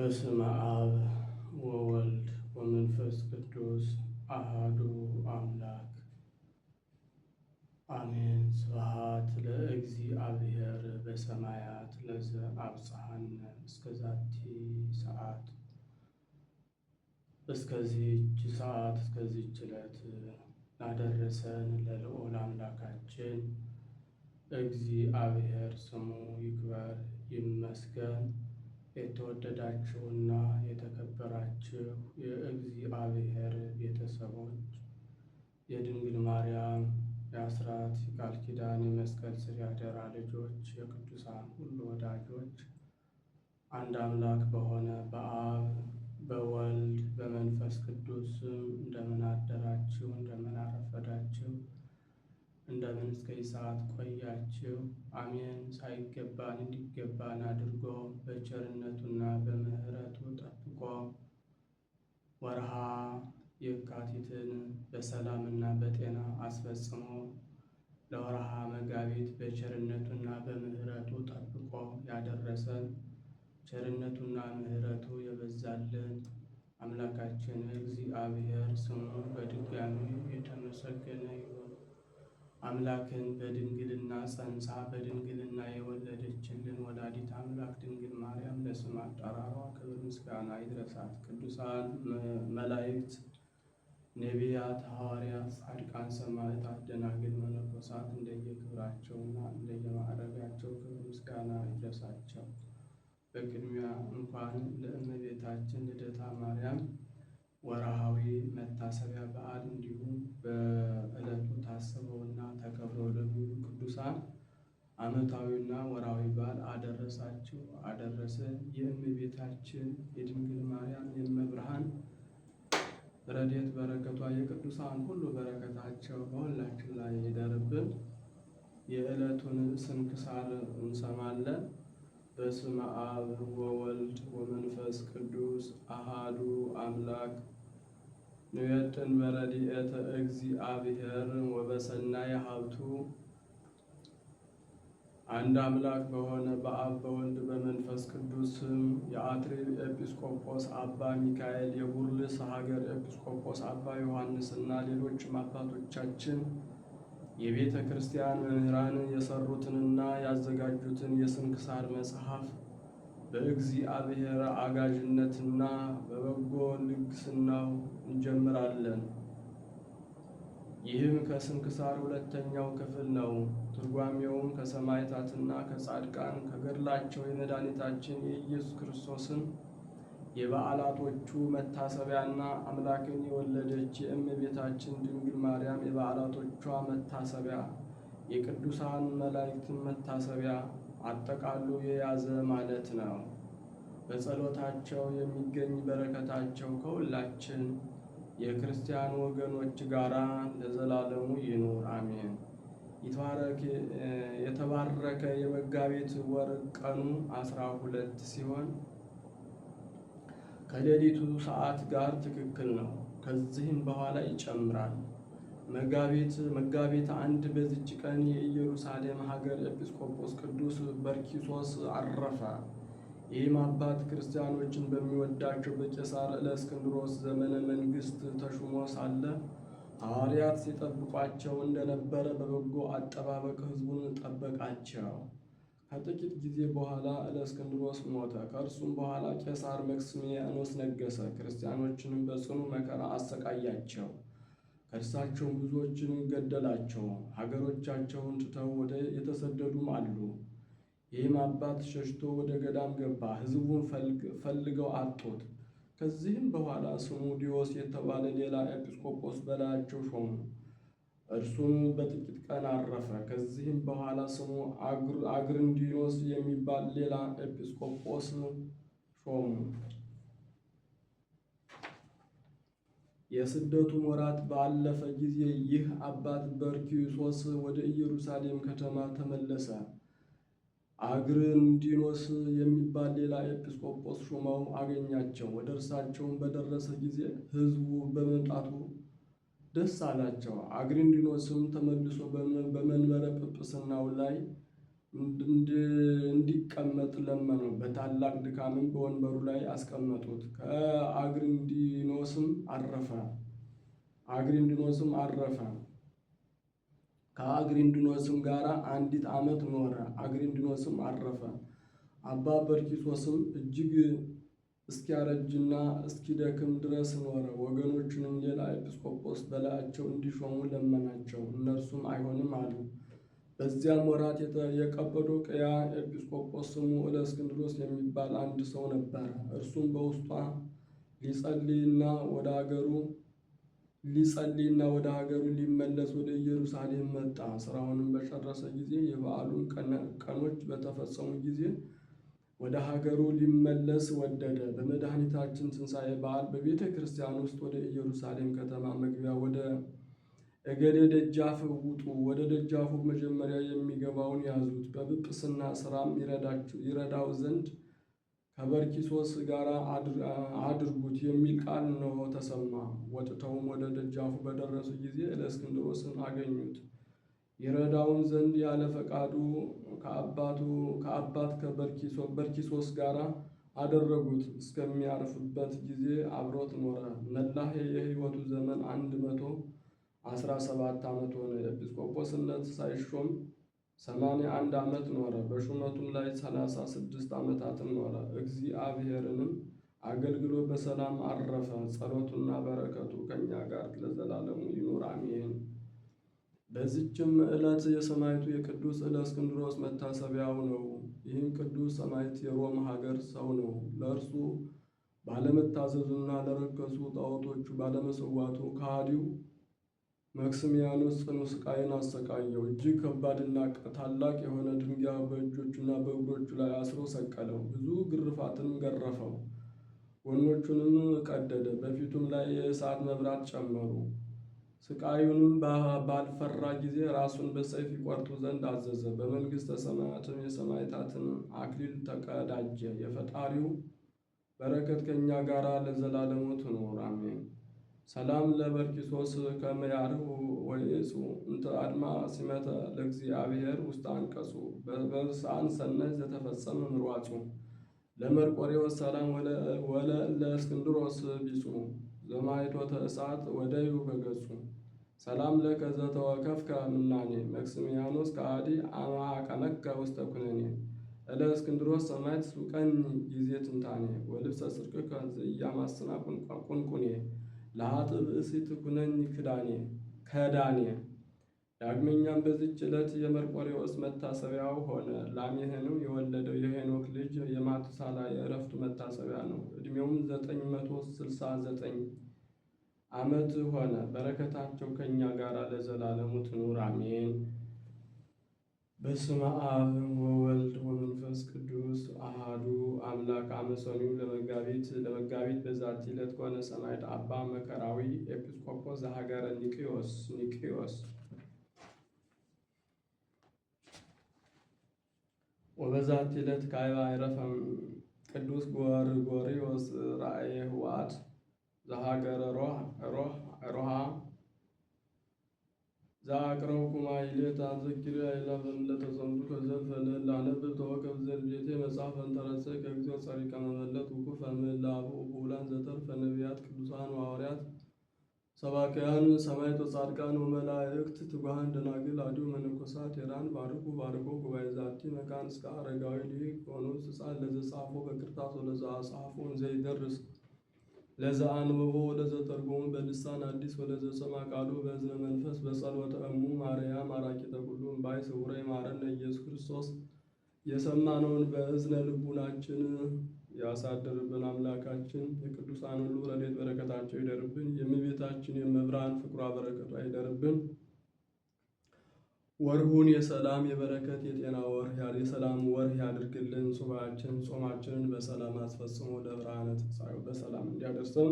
በስመ አብ ወወልድ ወመንፈስ ቅዱስ አሃዱ አምላክ አሜን። ስብሐት ለእግዚአብሔር በሰማያት ለዘ ለዘአብጽሐነ እስከዛቲ ሰዓት እስከዚች ሰዓት እስከዚህች ዕለት ላደረሰን ለልዑል አምላካችን እግዚአብሔር ስሙ ይክበር ይመስገን። የተወደዳችሁና የተከበራችሁ የእግዚአብሔር ቤተሰቦች የድንግል ማርያም የአስራት የቃል ኪዳን የመስቀል ስር ያደራ ልጆች የቅዱሳን ሁሉ ወዳጆች አንድ አምላክ በሆነ በአብ በወልድ በመንፈስ ቅዱስ እንደምን አደራችሁ እንደምን አረፈዳችሁ እንደምን እስከዚህ ሰዓት ቆያችሁ? አሜን። ሳይገባን እንዲገባን አድርጎ በቸርነቱና በምሕረቱ ጠብቆ ወርሃ የካቲትን በሰላምና በጤና አስፈጽሞ ለወርሃ መጋቢት በቸርነቱና በምሕረቱ ጠብቆ ያደረሰን ቸርነቱና ምሕረቱ የበዛልን አምላካችን እግዚአብሔር ስሙ በድጋሚ የተመሰገነ አምላክን በድንግልና ጸንሳ በድንግልና የወለደችልን ወላዲት አምላክ ድንግል ማርያም ለስም አጠራሯ ክብር ምስጋና ይድረሳት። ቅዱሳን መላእክት፣ ነቢያት፣ ሐዋርያት፣ ጻድቃን፣ ሰማዕታት፣ ደናግል፣ መነኮሳት እንደየክብራቸውና እንደየማዕረጋቸው ክብር ምስጋና ይድረሳቸው። በቅድሚያ እንኳን ለእመቤታችን ልደታ ማርያም ወርሃዊ መታሰቢያ በዓል እንዲሁም በዕለቱ ታስበውና ተከብረው ለሚሉ ቅዱሳን ዓመታዊና ወርሃዊ በዓል አደረሳችሁ አደረሰ የእመቤታችን የድንግል ማርያም የእመብርሃን ረድኤት በረከቷ የቅዱሳን ሁሉ በረከታቸው በሁላችን ላይ ይደርብን። የዕለቱን ስንክሳር እንሰማለን። በስመ አብ ወወልድ ወመንፈስ ቅዱስ አሃዱ አምላክ ንየጥን በረድኤተ እግዚአብሔር ወበሰናይ ሀብቱ። አንድ አምላክ በሆነ በአብ በወልድ በመንፈስ ቅዱስ ስም የአትሪብ ኤጲስቆጶስ አባ ሚካኤል፣ የቡርልስ ሀገር ኤጲስቆጶስ አባ ዮሐንስ እና ሌሎችም አባቶቻችን የቤተ ክርስቲያን መምህራን የሰሩትንና ያዘጋጁትን የስንክሳር መጽሐፍ በእግዚአብሔር አጋዥነትና በበጎ ልግስናው እንጀምራለን። ይህም ከስንክሳር ሁለተኛው ክፍል ነው። ትርጓሜውም ከሰማዕታትና ከጻድቃን ከገድላቸው የመድኃኒታችን የኢየሱስ ክርስቶስን የበዓላቶቹ መታሰቢያና አምላክን የወለደች የእመቤታችን ድንግል ማርያም የበዓላቶቿ መታሰቢያ፣ የቅዱሳን መላእክትን መታሰቢያ አጠቃሉ የያዘ ማለት ነው። በጸሎታቸው የሚገኝ በረከታቸው ከሁላችን የክርስቲያን ወገኖች ጋራ ለዘላለሙ ይኑር፣ አሜን። የተባረከ የመጋቢት ወር ቀኑ አስራ ሁለት ሲሆን ከሌሊቱ ሰዓት ጋር ትክክል ነው። ከዚህም በኋላ ይጨምራል። መጋቢት መጋቢት አንድ በዚች ቀን የኢየሩሳሌም ሀገር ኤጲስቆጶስ ቅዱስ በርኪሶስ አረፈ። ይህም አባት ክርስቲያኖችን በሚወዳቸው በቄሳር ለእስክንድሮስ ዘመነ መንግሥት ተሹሞ ሳለ ሐዋርያት ሲጠብቋቸው እንደነበረ በበጎ አጠባበቅ ሕዝቡን ጠበቃቸው። ከጥቂት ጊዜ በኋላ ለእስክንድሮስ ሞተ። ከእርሱም በኋላ ቄሳር መክስሚያኖስ ነገሰ። ክርስቲያኖችንም በጽኑ መከራ አሰቃያቸው። ከእርሳቸውም ብዙዎችን ገደላቸው። አገሮቻቸውን ትተው ወደ የተሰደዱም አሉ። ይህም አባት ሸሽቶ ወደ ገዳም ገባ። ሕዝቡን ፈልገው አጦት። ከዚህም በኋላ ስሙ ዲዮስ የተባለ ሌላ ኤጲስቆጶስ በላያቸው ሾሙ። እርሱም በጥቂት ቀን አረፈ። ከዚህም በኋላ ስሙ አግርንዲኖስ የሚባል ሌላ ኤጲስቆጶስ ሾሙ። የስደቱ ወራት ባለፈ ጊዜ ይህ አባት በርኪሶስ ወደ ኢየሩሳሌም ከተማ ተመለሰ። አግርንዲኖስ የሚባል ሌላ ኤጲስቆጶስ ሾመው አገኛቸው። ወደ እርሳቸውም በደረሰ ጊዜ ሕዝቡ በመምጣቱ ደስ አላቸው። አግሪንዲኖስም ተመልሶ በመንበረ ጵጵስናው ላይ እንዲቀመጥ ለመነው። በታላቅ ድካምም በወንበሩ ላይ አስቀመጡት። ከአግሪንዲኖስም አረፈ አግሪንዲኖስም አረፈ። ከአግሪንዲኖስም ጋር አንዲት ዓመት ኖረ። አግሪንዲኖስም አረፈ። አባ በርኪሶስም እጅግ እስኪያረጅና እስኪደክም ድረስ ኖረ። ወገኖቹንም ሌላ ኤጲስቆጶስ በላያቸው እንዲሾሙ ለመናቸው። እነርሱም አይሆንም አሉ። በዚያም ወራት የቀጰዶቅያ ኤጲስቆጶስ ስሙ እለእስክንድሮስ የሚባል አንድ ሰው ነበረ። እርሱም በውስጧ ሊጸልይና ወደ ሀገሩ ሊጸልይና ወደ ሀገሩ ሊመለስ ወደ ኢየሩሳሌም መጣ። ስራውንም በጨረሰ ጊዜ የበዓሉን ቀኖች በተፈጸሙ ጊዜ ወደ ሀገሩ ሊመለስ ወደደ። በመድኃኒታችን ትንሣኤ በዓል በቤተ ክርስቲያን ውስጥ ወደ ኢየሩሳሌም ከተማ መግቢያ ወደ እገሌ ደጃፍ ውጡ፣ ወደ ደጃፉ መጀመሪያ የሚገባውን ያዙት፣ በጵጵስና ስራም ይረዳው ዘንድ ከበርኪሶስ ጋር አድርጉት የሚል ቃል እንሆ ተሰማ። ወጥተውም ወደ ደጃፉ በደረሱ ጊዜ እለእስክንድሮስን አገኙት። ይረዳውን ዘንድ ያለ ፈቃዱ ከአባቱ ከአባት ከበርኪሶስ ጋር አደረጉት። እስከሚያርፍበት ጊዜ አብሮት ኖረ። መላሄ የህይወቱ ዘመን አንድ መቶ አስራ ሰባት ዓመት ሆነ። ኤጲስቆጶስነት ሳይሾም ሰማንያ አንድ ዓመት ኖረ። በሹመቱም ላይ ሰላሳ ስድስት ዓመታትን ኖረ። እግዚአብሔርንም አገልግሎ በሰላም አረፈ። ጸሎቱና በረከቱ ከእኛ ጋር ለዘላለሙ ይኑር አሜን። በዚችም ዕለት የሰማዕቱ የቅዱስ እለእስክንድሮስ መታሰቢያው ነው። ይህም ቅዱስ ሰማዕት የሮም ሀገር ሰው ነው። ለእርሱ ባለመታዘዙና ለረከሱ ጣዖቶቹ ባለመሰዋቱ ከሃዲው መክስሚያኖስ ጽኑ ስቃይን አሰቃየው። እጅግ ከባድና ታላቅ የሆነ ድንጋይ በእጆቹና በእግሮቹ ላይ አስሮ ሰቀለው። ብዙ ግርፋትንም ገረፈው፣ ጎኖቹንም ቀደደ። በፊቱም ላይ የእሳት መብራት ጨመሩ። ስቃዩንም ባልፈራ ጊዜ ራሱን በሰይፍ ይቆርጡ ዘንድ አዘዘ። በመንግሥተ ሰማያትም የሰማዕታትን አክሊል ተቀዳጀ። የፈጣሪው በረከት ከእኛ ጋር ለዘላለሙ ትኖር አሜን። ሰላም ለበርኪሶስ ከመያርሁ ወይሱ እንተ አድማ ሲመተ ለእግዚአብሔር ውስጥ አንቀሱ በበሳን ሰነት ዘተፈጸመ ምሯጩ ለመርቆሬዎስ ሰላም ወለ ለእስክንድሮስ ቢጹ ዘማይቶተ እሳት ወደዩ በገጹ ሰላም ለከ ዘተወከፍከ ምናኔ መክስሚያኖስ ከአዲ አማቀነከ ውስተ ኩነኔ እለእስክንድሮስ ሰማይት ሱቀኒ ጊዜ ትንታኔ ወልብሰ ስርቅከ ዘኢያማስና ቁንቁኔ ለአጥብ ብእሲ ትኩነኝ ክዳኔ ከዳኔ። ዳግመኛም በዚች ዕለት የመርቆሬዎስ መታሰቢያው ሆነ። ላሜህንም የወለደው የሄኖክ ልጅ የማቱሳላ የእረፍቱ መታሰቢያ ነው። ዕድሜውም ዘጠኝ መቶ ስልሳ ዘጠኝ ዓመት ሆነ። በረከታቸው ከእኛ ጋር ለዘላለሙ ትኑር አሜን። በስመ አብ ወወልድ ወመንፈስ ቅዱስ አሃዱ አምላክ። አመሰኒው ለመጋቢት ለመጋቢት በዛቲ ዕለት ኮነ ሰማዕት አባ መከራዊ ኤጲስቆጶስ ዘሀገረ ኒቅዮስ ኒቅዮስ ወበዛቲ ዕለት ካይባ አይረፈም ቅዱስ ጎርጎርዮስ ራእየ ህዋት ዘሀገረ ሮሃ ዛቅረው ኩማ ይሌት አንዘኪር አይላፍ ለተሰምዱ ከዘብ ፈለል ላለብ ተወከብ ዘር ቤቴ መጽሐፍ ፈንተረሰ ከጊዜው ጸሪቀ መመለት ውቁ ፈምላቡ ቡላን ዘተር ነቢያት ቅዱሳን ሐዋርያት ሰባክያን ሰማዕት ወጻድቃን ወመላእክት ትጉሃን ደናግል አዲሁ መነኮሳት ቴራን ባርኩ ባርኮ ጉባኤ ዛቲ መካን እስከ አረጋዊ ሊቅ ሆኖ ስጻን ለዘጻፎ በክርታስ ወለዘ አጻፎ እንዘ ለዘ አንብቦ ወለዘ ተርጎሙ በልሳን አዲስ ወለዘ ሰማ ቃሉ በሕዝበ መንፈስ በጸሎተ እሙ ማርያም ማራቂ ኩሉ ባይ ስውረ ማረነ ኢየሱስ ክርስቶስ የሰማነውን በእዝነ ልቡናችን ያሳድርብን። አምላካችን የቅዱሳን ሁሉ ረድኤት በረከታቸው ይደርብን። የእመቤታችን የመብርሃን ፍቅሯ በረከቷ ይደርብን። ወርሁን የሰላም የበረከት የጤና ወር የሰላም ወር ያድርግልን። ጾማችን ጾማችንን በሰላም አስፈጽሞ ለብርሃነ ትንሣኤው በሰላም እንዲያደርሰን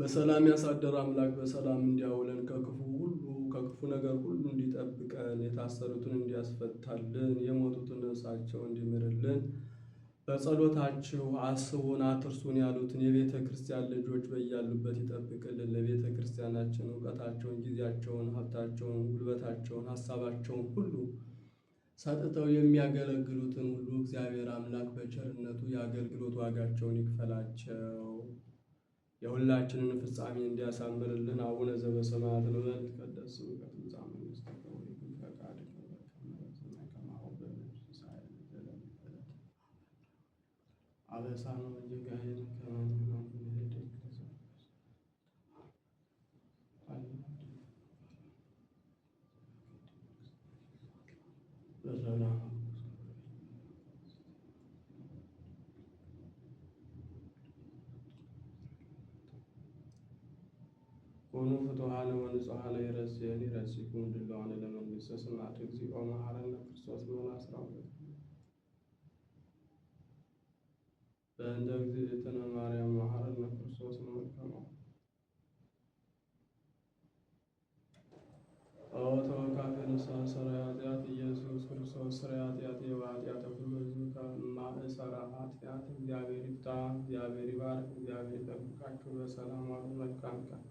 በሰላም ያሳደር አምላክ በሰላም እንዲያውለን ከክፉ ሁሉ ከክፉ ነገር ሁሉ እንዲጠብቀን የታሰሩትን እንዲያስፈታልን የሞቱትን ነፍሳቸው እንዲምርልን በጸሎታችሁ አስቡን አትርሱን ያሉትን የቤተ ክርስቲያን ልጆች በያሉበት ይጠብቅልን። ለቤተ ክርስቲያናችን እውቀታቸውን፣ ጊዜያቸውን፣ ሀብታቸውን፣ ጉልበታቸውን፣ ሀሳባቸውን ሁሉ ሰጥተው የሚያገለግሉትን ሁሉ እግዚአብሔር አምላክ በቸርነቱ የአገልግሎት ዋጋቸውን ይክፈላቸው። የሁላችንን ፍጻሜ እንዲያሳምርልን አቡነ ዘበሰማያት ንበል ይትቀደስ ወኑ ፍቱሃነ ወንጹሃነ ይረስየኒ ረሲኩ ድለዋነ ለመንግሥተ ሰማያት እግዚኦ መሐረነ ክርስቶስ መሆን አስራ ሁለት እንደ እግዝእትነ ማርያም መሐረነ ክርስቶስ መልካሙ ኦ ተወካፌ ንስሐ ሠራዊ ኃጢአት ኢየሱስ ክርስቶስ ሠራዊ ኃጢአት የኃጢአተ ሁሉ ሕዝብ ከማእሰረ ኃጢአት እግዚአብሔር ይፍታ፣ እግዚአብሔር ይባርክ፣ እግዚአብሔር ይጠብቃችሁ። በሰላም ዋሉ። መልካም ቀን